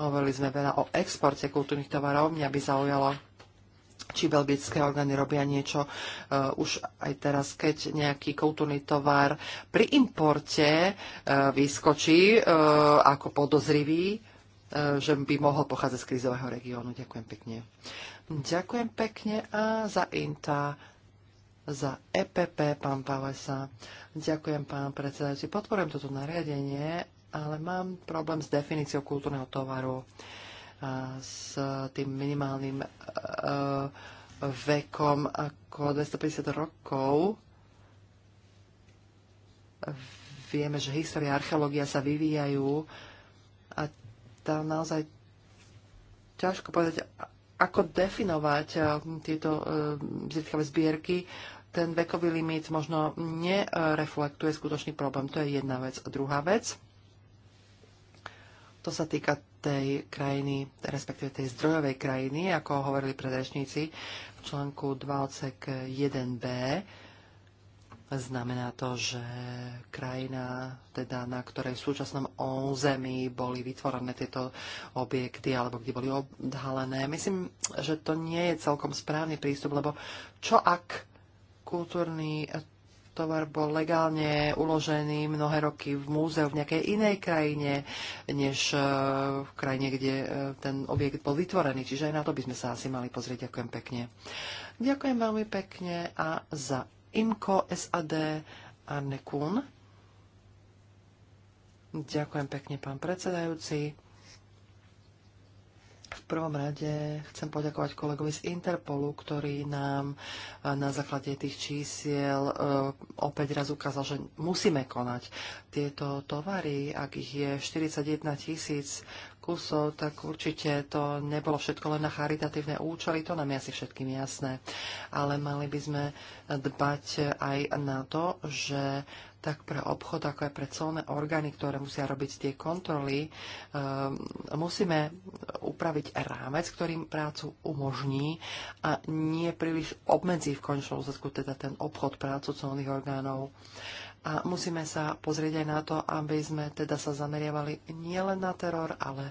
Hovorili sme veľa o exporte kultúrnych tovarov. Mňa by zaujalo, či belgické orgány robia niečo uh, už aj teraz, keď nejaký kultúrny tovar pri importe uh, vyskočí uh, ako podozrivý, uh, že by mohol pochádzať z krízového regiónu. Ďakujem pekne. Ďakujem pekne a za INTA za EPP, pán Palesa. Ďakujem, pán predsedajúci. Podporujem toto nariadenie, ale mám problém s definíciou kultúrneho tovaru. Uh, s tým minimálnym e, e, vekom ako 250 rokov. Vieme, že história a archeológia sa vyvíjajú a tam naozaj ťažko povedať, ako definovať e, tieto zriedkavé zbierky ten vekový limit možno nereflektuje skutočný problém. To je jedna vec. A druhá vec, to sa týka tej krajiny, respektíve tej zdrojovej krajiny, ako hovorili predrečníci v článku 21 b Znamená to, že krajina, teda na ktorej v súčasnom území boli vytvorené tieto objekty alebo kde boli odhalené. Myslím, že to nie je celkom správny prístup, lebo čo ak kultúrny tovar bol legálne uložený mnohé roky v múzeu v nejakej inej krajine, než e, v krajine, kde e, ten objekt bol vytvorený. Čiže aj na to by sme sa asi mali pozrieť. Ďakujem pekne. Ďakujem veľmi pekne a za IMCO SAD Arne Kuhn. Ďakujem pekne, pán predsedajúci prvom rade chcem poďakovať kolegovi z Interpolu, ktorý nám eh, na základe tých čísiel eh, opäť raz ukázal, že musíme konať. Tieto tovary, ak ich je 41 tisíc kusov, tak určite to nebolo všetko len na charitatívne účely, to nám je asi všetkým jasné. Ale mali by sme dbať aj na to, že tak pre obchod, ako aj pre celné orgány, ktoré musia robiť tie kontroly, ehm, musíme upraviť rámec, ktorým prácu umožní a nie príliš obmedzí v končnom úsledku teda ten obchod prácu celných orgánov. A musíme sa pozrieť aj na to, aby sme teda sa zameriavali nielen na teror, ale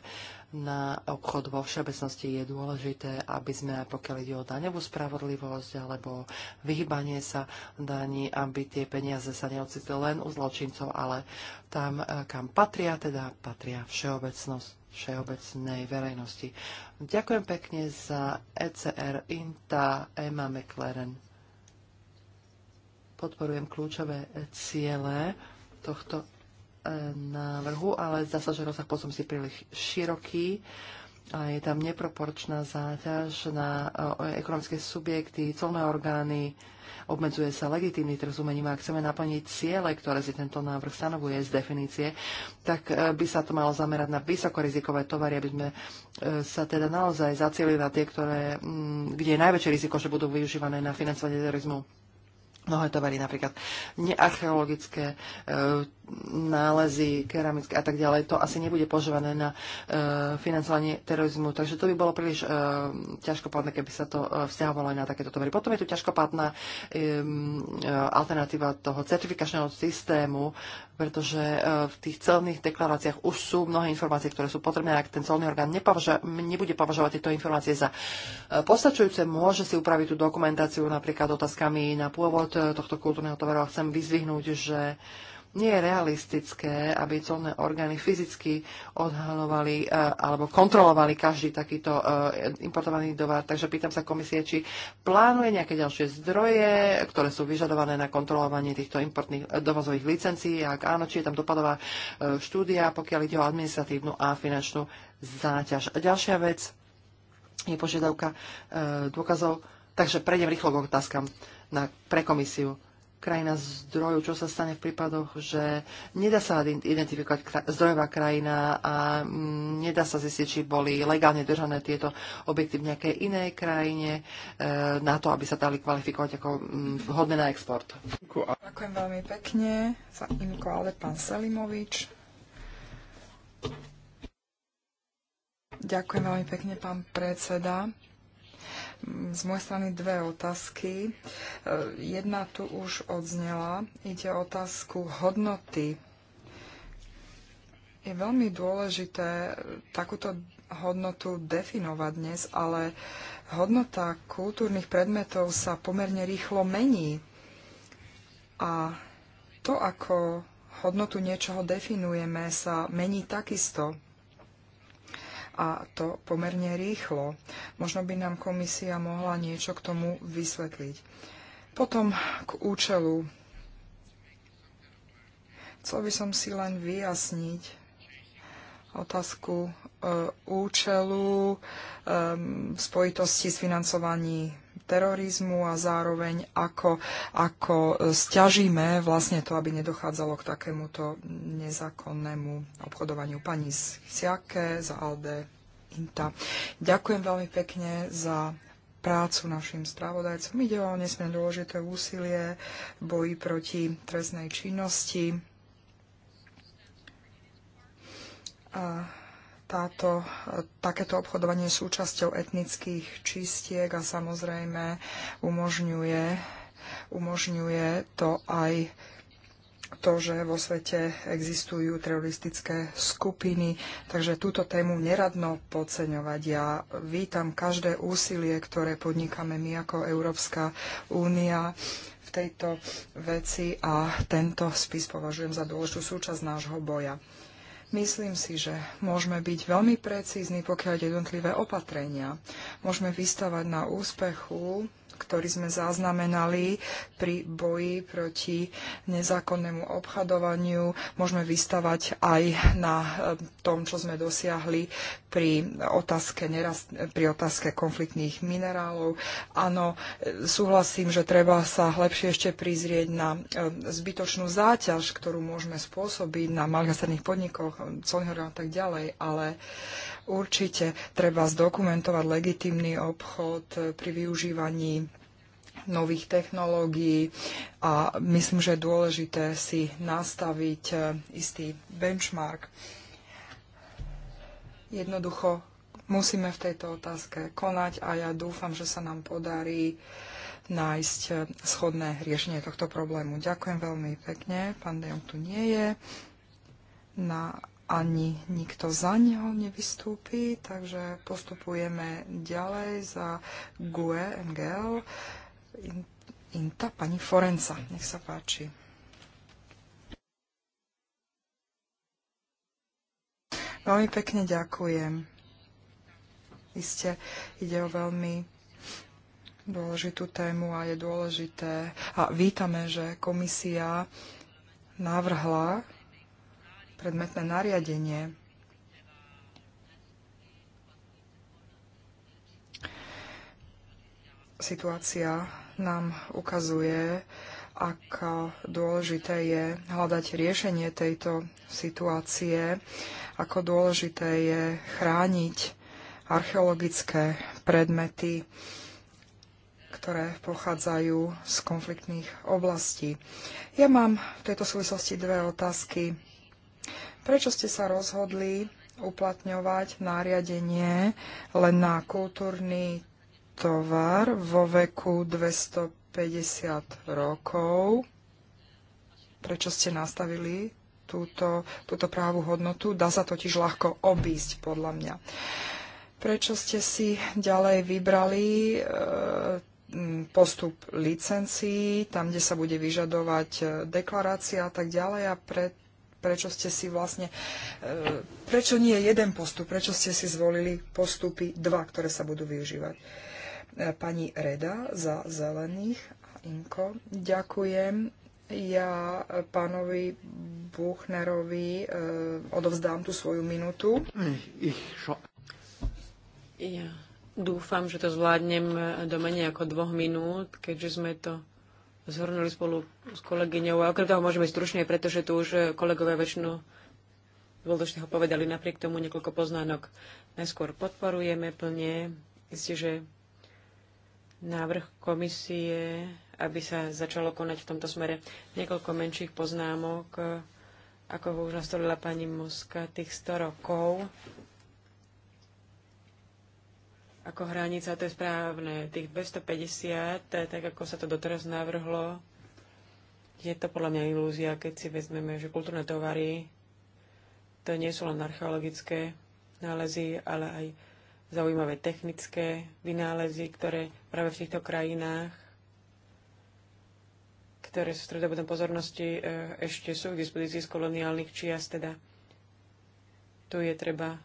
na obchod vo všeobecnosti je dôležité, aby sme, pokiaľ ide o daňovú spravodlivosť alebo vyhybanie sa daní, aby tie peniaze sa neocitli len u zločincov, ale tam, e, kam patria, teda patria všeobecnosť všeobecnej verejnosti. Ďakujem pekne za ECR INTA Emma McLaren. Podporujem kľúčové ciele tohto návrhu, ale zdá sa, že rozsah pôsobom si príliš široký a je tam neproporčná záťaž na e, ekonomické subjekty, colné orgány, obmedzuje sa legitímny trh s umením a ak chceme naplniť ciele, ktoré si tento návrh stanovuje z definície, tak e, by sa to malo zamerať na vysokorizikové tovary, aby sme e, sa teda naozaj zacielili na tie, ktoré, kde je najväčšie riziko, že budú využívané na financovanie terorizmu mnohé tovary, napríklad nearcheologické e, nálezy, keramické a tak ďalej, to asi nebude požované na e, financovanie terorizmu, takže to by bolo príliš e, ťažkopádne, keby sa to e, vzťahovalo aj na takéto tovary. Potom je tu ťažkopádna e, e, alternatíva toho certifikačného systému, e, pretože e, v tých celných deklaráciách už sú mnohé informácie, ktoré sú potrebné. Ak ten celný orgán nepovaža- nebude považovať tieto informácie za e, postačujúce, môže si upraviť tú dokumentáciu napríklad otázkami na pôvod e, tohto kultúrneho tovaru. A chcem vyzvihnúť, že uh, nie je realistické, aby colné orgány fyzicky odhalovali eh, alebo kontrolovali každý takýto eh, importovaný dovar. Takže pýtam sa komisie, či plánuje nejaké ďalšie zdroje, ktoré sú vyžadované na kontrolovanie týchto importných eh, dovozových licencií. Ak áno, či je tam dopadová štúdia, pokiaľ ide o administratívnu a finančnú záťaž. A ďalšia vec je požiadavka dôkazov Takže prejdem rýchlo k otázkam na, pre komisiu krajina zdrojov, čo sa stane v prípadoch, že nedá sa identifikovať zdrojová krajina a mm, nedá sa zistiť, či boli legálne držané tieto objekty v nejakej inej krajine e, na to, aby sa dali kvalifikovať ako mm, vhodné na export. Ďakujem veľmi pekne za Inko, ale pán Selimovič. Ďakujem veľmi pekne, pán predseda. Z mojej strany dve otázky. E, jedna tu už odznela. Ide o otázku hodnoty. Je veľmi dôležité takúto hodnotu definovať dnes, ale hodnota kultúrnych predmetov sa pomerne rýchlo mení. A to, ako hodnotu niečoho definujeme, sa mení takisto a to pomerne rýchlo. Možno by nám komisia mohla niečo k tomu vysvetliť. Potom k účelu. Chcel by som si len vyjasniť otázku e, účelu e, spojitosti s financovaním terorizmu a zároveň ako, ako stiažíme vlastne to, aby nedochádzalo k takémuto nezákonnému obchodovaniu. Pani Siake za ALDE INTA. Ďakujem veľmi pekne za prácu našim správodajcom. Ide o nesmierne dôležité úsilie v boji proti trestnej činnosti. A táto, takéto obchodovanie je súčasťou etnických čistiek a samozrejme umožňuje, umožňuje to aj to, že vo svete existujú teroristické skupiny, takže túto tému neradno podceňovať. Ja vítam každé úsilie, ktoré podnikáme my ako Európska únia v tejto veci a tento spis považujem za dôležitú súčasť nášho boja. Myslím si, že môžeme byť veľmi precízni, pokiaľ jednotlivé opatrenia. Môžeme vystavať na úspechu ktorý sme zaznamenali pri boji proti nezákonnému obchadovaniu, môžeme vystavať aj na eh, tom, čo sme dosiahli pri otázke, neraz, pri otázke konfliktných minerálov. Áno, eh, súhlasím, že treba sa lepšie ešte prizrieť na eh, zbytočnú záťaž, ktorú môžeme spôsobiť na malých a stredných podnikoch, a tak ďalej, ale Určite treba zdokumentovať legitimný obchod eh, pri využívaní nových technológií a myslím, že je dôležité si nastaviť eh, istý benchmark. Jednoducho musíme v tejto otázke konať a ja dúfam, že sa nám podarí nájsť eh, schodné riešenie tohto problému. Ďakujem veľmi pekne. Pán Dejong tu nie je. Na ani nikto za neho nevystúpi, takže postupujeme ďalej za GUE NGL. Inta pani Forenca, nech sa páči. Veľmi pekne ďakujem. Isté ide o veľmi dôležitú tému a je dôležité a vítame, že komisia navrhla predmetné nariadenie. Situácia nám ukazuje, ako dôležité je hľadať riešenie tejto situácie, ako dôležité je chrániť archeologické predmety, ktoré pochádzajú z konfliktných oblastí. Ja mám v tejto súvislosti dve otázky. Prečo ste sa rozhodli uplatňovať nariadenie len na kultúrny tovar vo veku 250 rokov? Prečo ste nastavili túto, túto právu hodnotu? Dá sa totiž ľahko obísť, podľa mňa. Prečo ste si ďalej vybrali e, postup licencií, tam, kde sa bude vyžadovať e, deklarácia a tak ďalej a pre, prečo ste si vlastne, e, prečo nie jeden postup, prečo ste si zvolili postupy dva, ktoré sa budú využívať. E, pani Reda za zelených a Inko, ďakujem. Ja pánovi Buchnerovi e, odovzdám tú svoju minútu. Ja dúfam, že to zvládnem do menej ako dvoch minút, keďže sme to zhrnuli spolu s kolegyňou. A okrem toho môžeme stručne, pretože tu už kolegovia väčšinu dôležitého povedali napriek tomu niekoľko poznánok. Najskôr podporujeme plne, isté, že návrh komisie, aby sa začalo konať v tomto smere niekoľko menších poznámok, ako už nastolila pani Moska tých 100 rokov ako hranica, to je správne. Tých 250, eh, tak ako sa to doteraz navrhlo, je to podľa mňa ilúzia, keď si vezmeme, že kultúrne tovary to nie sú len archeologické nálezy, ale aj zaujímavé technické vynálezy, ktoré práve v týchto krajinách, ktoré sú stredobodom pozornosti, eh, ešte sú k dispozícii z koloniálnych čiast. Teda tu je treba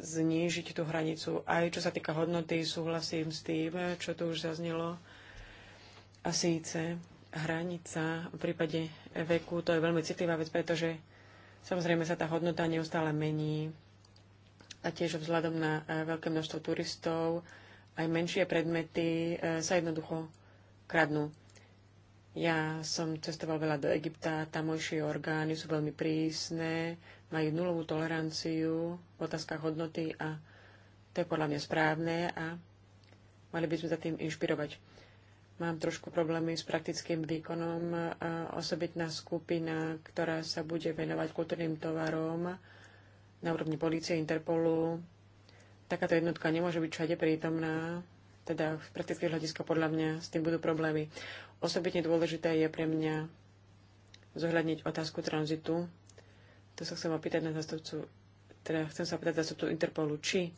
znížiť tú hranicu. Aj čo sa týka hodnoty, súhlasím s tým, čo tu už zaznelo. A síce hranica v prípade veku, to je veľmi citlivá vec, pretože samozrejme sa tá hodnota neustále mení. A tiež vzhľadom na e, veľké množstvo turistov, aj menšie predmety e, sa jednoducho kradnú. Ja som cestoval veľa do Egypta, tamojšie orgány sú veľmi prísne, majú nulovú toleranciu v otázkach hodnoty a to je podľa mňa správne a mali by sme za tým inšpirovať. Mám trošku problémy s praktickým výkonom. Osobitná skupina, ktorá sa bude venovať kultúrnym tovarom na úrovni policie, Interpolu, takáto jednotka nemôže byť všade prítomná, teda v praktických hľadiska podľa mňa s tým budú problémy. Osobitne dôležité je pre mňa zohľadniť otázku tranzitu to sa chcem opýtať na zastupcu, teda chcem sa opýtať zastupcu Interpolu, či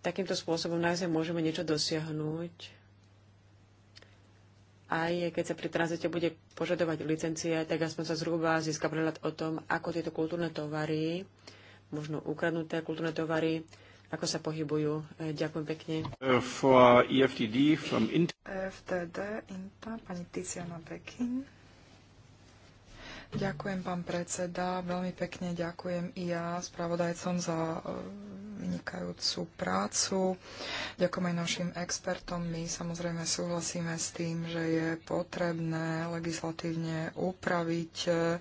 takýmto spôsobom naozaj môžeme niečo dosiahnuť, aj keď sa pri tranzite bude požadovať licencie, tak aspoň sa zhruba získa prehľad o tom, ako tieto kultúrne tovary, možno ukradnuté kultúrne tovary, ako sa pohybujú. E, ďakujem pekne. E, for EFTD from Inter... FTD, Inter, pani Tiziana Pekin. Ďakujem, pán predseda. Veľmi pekne ďakujem i ja spravodajcom za e, vynikajúcu prácu. Ďakujem aj našim expertom. My samozrejme súhlasíme s tým, že je potrebné legislatívne upraviť e,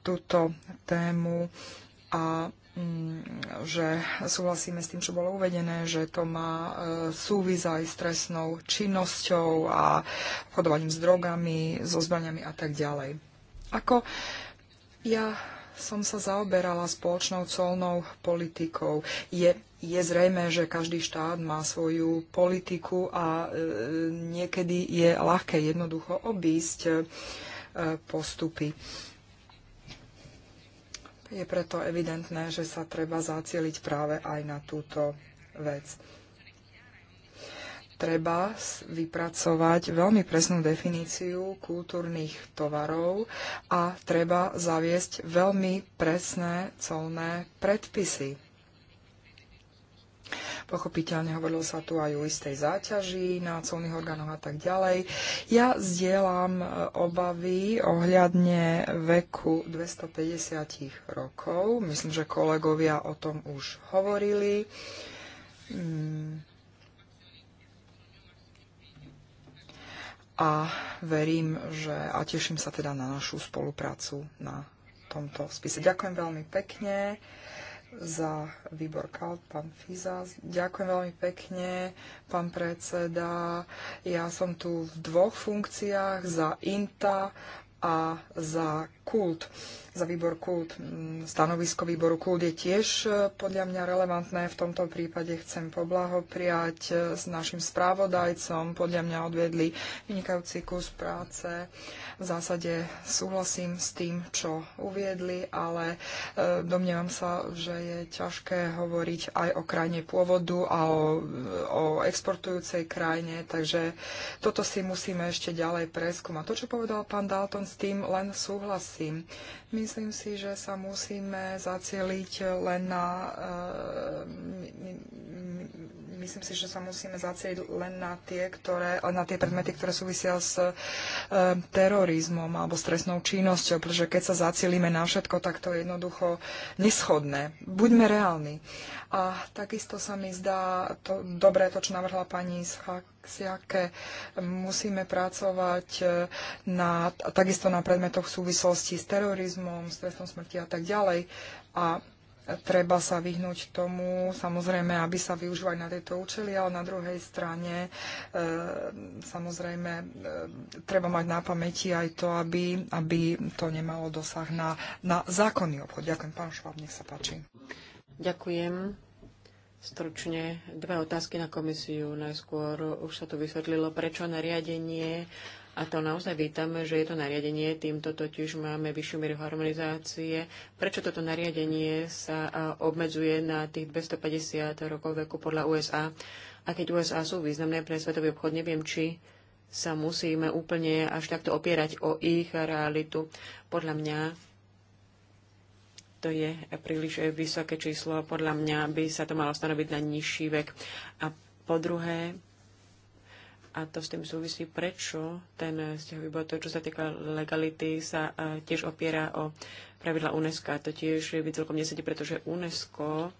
túto tému a mm, že súhlasíme s tým, čo bolo uvedené, že to má e, súvisť aj s trestnou činnosťou a chodovaním s drogami, so zbraniami a tak ďalej. Ako ja som sa zaoberala spoločnou colnou politikou. Je, je zrejme, že každý štát má svoju politiku a e, niekedy je ľahké jednoducho obísť e, postupy. Je preto evidentné, že sa treba zacieliť práve aj na túto vec treba vypracovať veľmi presnú definíciu kultúrnych tovarov a treba zaviesť veľmi presné colné predpisy. Pochopiteľne hovorilo sa tu aj o istej záťaži na colných orgánoch a tak ďalej. Ja zdieľam e, obavy ohľadne veku 250 rokov. Myslím, že kolegovia o tom už hovorili. Hmm a verím, že a teším sa teda na našu spoluprácu na tomto spise. Ďakujem veľmi pekne za výbor KALT, pán Fiza. Ďakujem veľmi pekne, pán predseda. Ja som tu v dvoch funkciách, za INTA a za KULT za výbor kult. Mm, stanovisko výboru kult je tiež e, podľa mňa relevantné. V tomto prípade chcem poblahopriať e, s našim správodajcom. Podľa mňa odvedli vynikajúci kus práce. V zásade súhlasím s tým, čo uviedli, ale e, domnievam sa, že je ťažké hovoriť aj o krajine pôvodu a o, o exportujúcej krajine, takže toto si musíme ešte ďalej preskúmať. To, čo povedal pán Dalton, s tým len súhlasím. My nemyslím si, že sa musíme zacieliť len na... Eh, myslím si, že sa musíme zacieliť len na tie, ktoré, na tie predmety, ktoré súvisia s eh, terorizmom alebo s trestnou činnosťou, pretože keď sa zacielíme na všetko, tak to je jednoducho neschodné. Buďme reálni. A takisto sa mi zdá to, dobré to, čo navrhla pani Schak aké musíme pracovať e, na, takisto na predmetoch v súvislosti s terorizmom, s trestom smrti a tak ďalej. A treba sa vyhnúť tomu, samozrejme, aby sa využívali na tieto účely, ale na druhej strane e, samozrejme e, treba mať na pamäti aj to, aby, aby to nemalo dosah na, na zákonný obchod. Ďakujem, pán Šváb, nech sa páči. Ďakujem. Stručne dve otázky na komisiu. Najskôr už sa tu vysvetlilo, prečo nariadenie a to naozaj vítame, že je to nariadenie, týmto totiž máme vyššiu mieru harmonizácie. Prečo toto nariadenie sa obmedzuje na tých 250 rokov veku podľa USA? A keď USA sú významné pre svetový obchod, neviem, či sa musíme úplne až takto opierať o ich realitu. Podľa mňa to je príliš vysoké číslo. Podľa mňa by sa to malo stanoviť na nižší vek. A po druhé, a to s tým súvisí, prečo ten vzťahový bod, to, čo sa týka legality, sa e, tiež opiera o pravidla UNESCO. A to tiež by celkom nesedí, pretože UNESCO,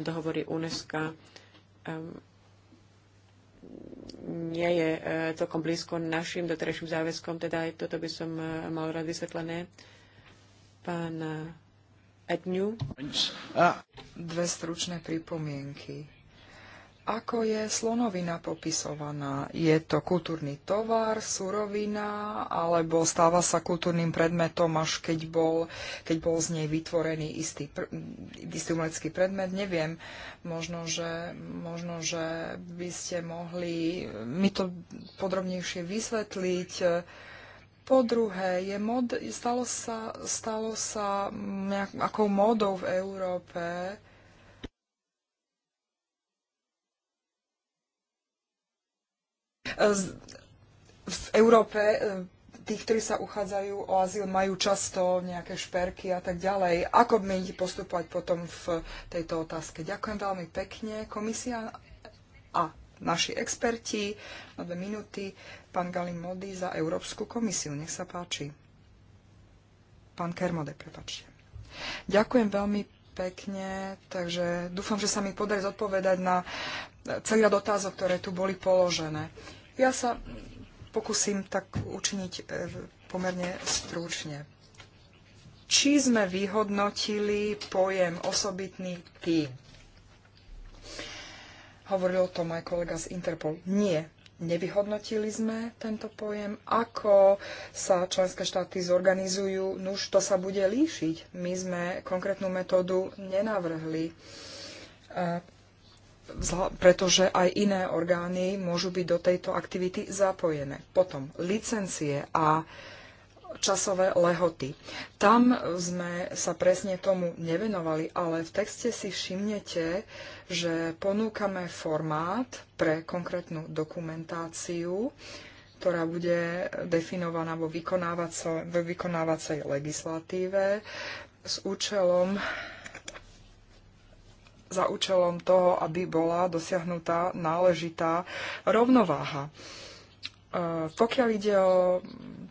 dohovory UNESCO, um, nie je uh, celkom blízko našim doterajším záväzkom, teda aj toto by som uh, mal rád vysvetlené. Pán Dve stručné pripomienky. Ako je slonovina popisovaná? Je to kultúrny tovar, surovina, alebo stáva sa kultúrnym predmetom, až keď bol, keď bol z nej vytvorený istý, pr- istý umelecký predmet? Neviem. Možno že, možno, že by ste mohli mi to podrobnejšie vysvetliť po druhé, je mod, stalo sa, stalo sa nejakou mm, módou v Európe v Európe e, tí, ktorí sa uchádzajú o azyl, majú často nejaké šperky a tak ďalej. Ako mienite postupovať potom v tejto otázke? Ďakujem veľmi pekne. Komisia a naši experti na dve minúty pán Galimodi Modi za Európsku komisiu. Nech sa páči. Pán Kermode, prepačte. Ďakujem veľmi pekne, takže dúfam, že sa mi podarí zodpovedať na celý rad otázok, ktoré tu boli položené. Ja sa pokúsim tak učiniť e, pomerne stručne. Či sme vyhodnotili pojem osobitný tým? Hovoril o tom aj kolega z Interpol. Nie, Nevyhodnotili sme tento pojem, ako sa členské štáty zorganizujú. Nuž to sa bude líšiť. My sme konkrétnu metódu nenavrhli, e, pretože aj iné orgány môžu byť do tejto aktivity zapojené. Potom licencie a časové lehoty. Tam sme sa presne tomu nevenovali, ale v texte si všimnete, že ponúkame formát pre konkrétnu dokumentáciu, ktorá bude definovaná vo, vo vykonávacej legislatíve s účelom za účelom toho, aby bola dosiahnutá náležitá rovnováha. Eh, pokiaľ ide o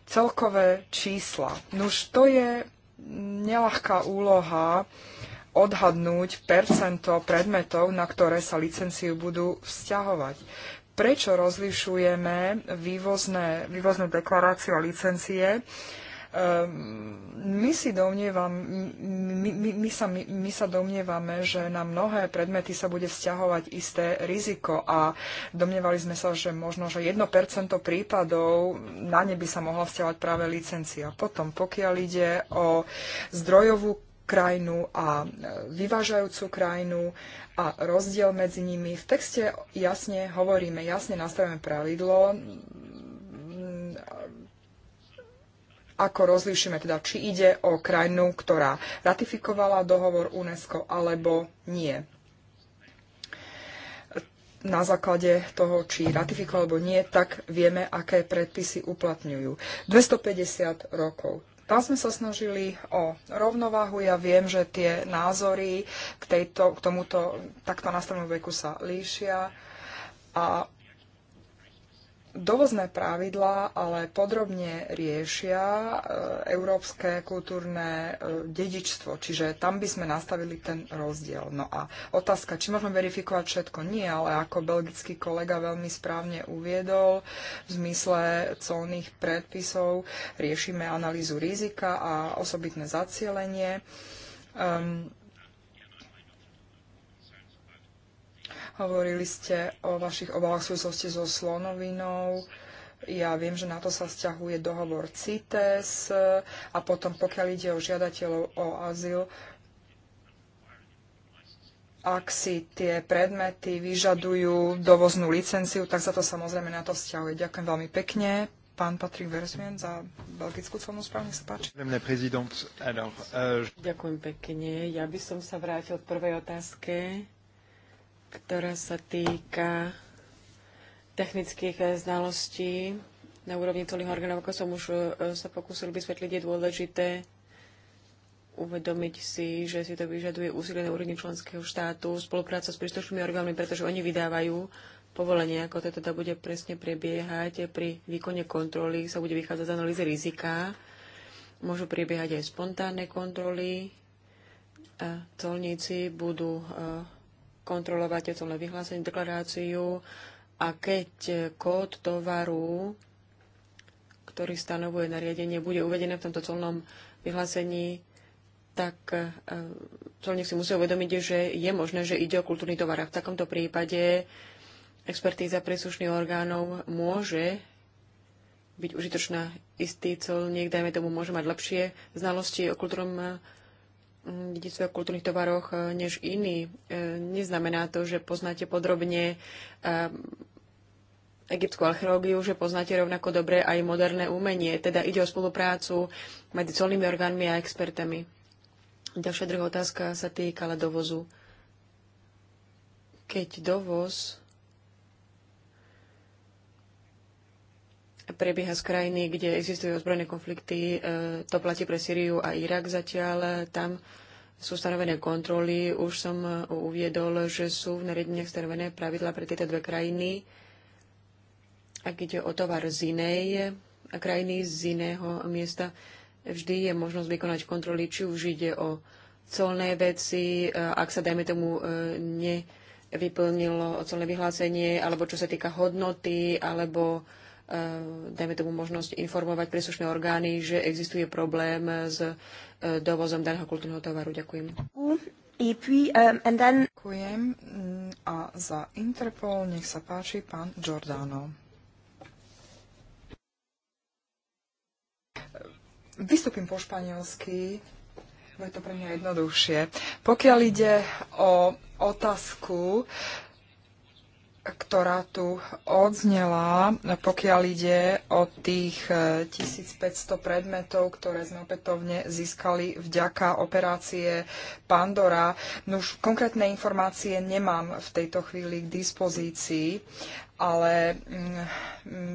celkové čísla, nuž to je nelahká úloha odhadnúť percento predmetov, na ktoré sa licenciu budú vzťahovať. Prečo rozlišujeme vývozné, vývoznú deklaráciu a licencie? Uh, Ehm, my, si domnievam, my, my, my, sa, my, my sa domnievame, že na mnohé predmety sa bude vzťahovať isté riziko a domnievali sme sa, že možno, že 1% prípadov na ne by sa mohla vzťahovať práve licencia. Potom, pokiaľ ide o zdrojovú krajinu a e, vyvážajúcu krajinu a rozdiel medzi nimi. V texte jasne hovoríme, jasne nastavujeme pravidlo, ako rozlíšime teda, či ide o krajinu, ktorá ratifikovala dohovor UNESCO alebo nie. Na základe toho, či ratifikovala alebo nie, tak vieme, aké predpisy uplatňujú. 250 rokov. Tam sme sa snažili o rovnováhu. Ja viem, že tie názory k, tejto, k tomuto takto nastavenom veku sa líšia. A dovozné pravidlá ale podrobne riešia e, európske kultúrne e, dedičstvo, čiže tam by sme nastavili ten rozdiel. No a otázka, či môžeme verifikovať všetko? Nie, ale ako belgický kolega veľmi správne uviedol, v zmysle colných predpisov riešime analýzu rizika a osobitné zacielenie. Um, Hovorili ste o vašich obavách v súvislosti so slonovinou. Ja viem, že na to sa vzťahuje dohovor CITES a potom pokiaľ ide o žiadateľov o azyl, ak si tie predmety vyžadujú dovoznú licenciu, tak sa to samozrejme na to vzťahuje. Ďakujem veľmi pekne. Pán Patrik Verzmien za Belgickú colnú správu, nech sa páči. Euh, Ďakujem pekne. Ja by som sa vrátil k prvej otázke ktorá sa týka technických eh, znalostí na úrovni celých orgánov, ako som už eh, sa pokúsil vysvetliť, je dôležité uvedomiť si, že si to vyžaduje úsilie na úrovni členského štátu, spolupráca s príslušnými orgánmi, pretože oni vydávajú povolenie, ako to teda bude presne prebiehať. Pri výkone kontroly sa bude vychádzať z analýzy rizika. Môžu prebiehať aj spontánne kontroly. A colníci budú eh, kontrolovať celé vyhlásenie, deklaráciu a keď kód tovaru, ktorý stanovuje nariadenie, bude uvedené v tomto colnom vyhlásení, tak e, colník si musí uvedomiť, že je možné, že ide o kultúrny tovar. A v takomto prípade expertíza príslušných orgánov môže byť užitočná. Istý colník, dajme tomu, môže mať lepšie znalosti o kultúrnom dedictve o kultúrnych tovaroch e, než iní. E, neznamená to, že poznáte podrobne e, egyptskú archeológiu, že poznáte rovnako dobre aj moderné umenie. Teda ide o spoluprácu medzi colnými orgánmi a expertami. Ďalšia druhá otázka sa týkala dovozu. Keď dovoz prebieha z krajiny, kde existujú ozbrojené konflikty. E, to platí pre Syriu a Irak zatiaľ. Tam sú stanovené kontroly. Už som e, uviedol, že sú v nariadeniach stanovené pravidla pre tieto dve krajiny. Ak ide o tovar z inej e, krajiny, z iného miesta, vždy je možnosť vykonať kontroly, či už ide o colné veci, ak sa, dajme tomu, nevyplnilo colné vyhlásenie, alebo čo sa týka hodnoty, alebo Eh, dajme tomu možnosť informovať príslušné orgány, že existuje problém s eh, dovozom daného kultúrneho tovaru. Ďakujem. Eh, Ďakujem. Mm, a za Interpol nech sa páči pán Giordano. Vystúpim po španielsky, bude to pre mňa jednoduchšie. Pokiaľ ide o otázku, ktorá tu odznela, pokiaľ ide o tých 1500 e, predmetov, ktoré sme opätovne získali vďaka operácie Pandora. No už konkrétne informácie nemám v tejto chvíli k dispozícii, ale mm,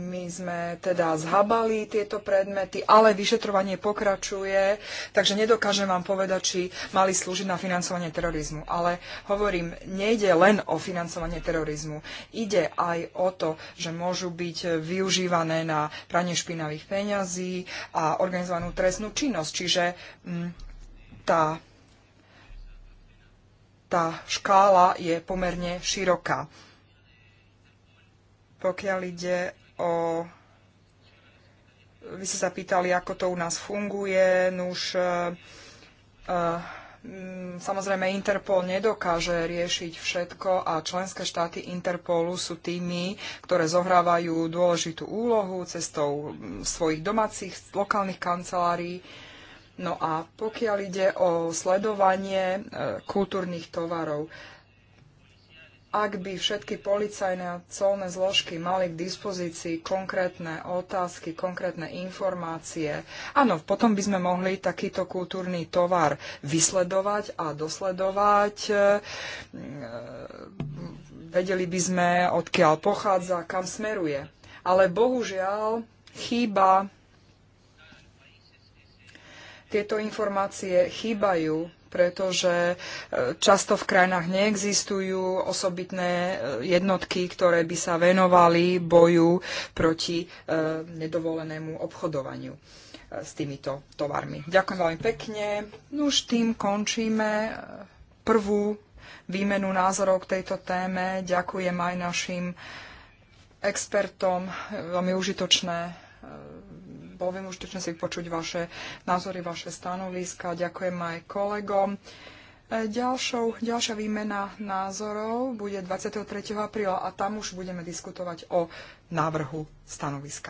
my sme teda zhabali tieto predmety, ale vyšetrovanie pokračuje, takže nedokážem vám povedať, či mali slúžiť na financovanie terorizmu. Ale hovorím, nejde len o financovanie terorizmu. Ide aj o to, že môžu byť využívané na pranie špinavých peňazí a organizovanú trestnú činnosť. Čiže mm, tá tá škála je pomerne široká. Pokiaľ ide o... Vy ste sa pýtali, ako to u nás funguje. No už uh, e, uh, e, Samozrejme, Interpol nedokáže riešiť všetko a členské štáty Interpolu sú tými, ktoré zohrávajú dôležitú úlohu cestou svojich domácich lokálnych kancelárií. No a pokiaľ ide o sledovanie e, kultúrnych tovarov, ak by všetky policajné a colné zložky mali k dispozícii konkrétne otázky, konkrétne informácie, áno, potom by sme mohli takýto kultúrny tovar vysledovať a dosledovať. E, vedeli by sme, odkiaľ pochádza, kam smeruje. Ale bohužiaľ chýba, tieto informácie chýbajú pretože e, často v krajinách neexistujú osobitné e, jednotky, ktoré by sa venovali boju proti e, nedovolenému obchodovaniu s týmito tovarmi. Ďakujem veľmi pekne. No už tým končíme prvú výmenu názorov k tejto téme. Ďakujem aj našim expertom. Veľmi užitočné bol veľmi užitočné si počuť vaše názory, vaše stanoviska. Ďakujem aj kolegom. E, ďalšou, ďalšia výmena názorov bude 23. apríla a tam už budeme diskutovať o návrhu stanoviska.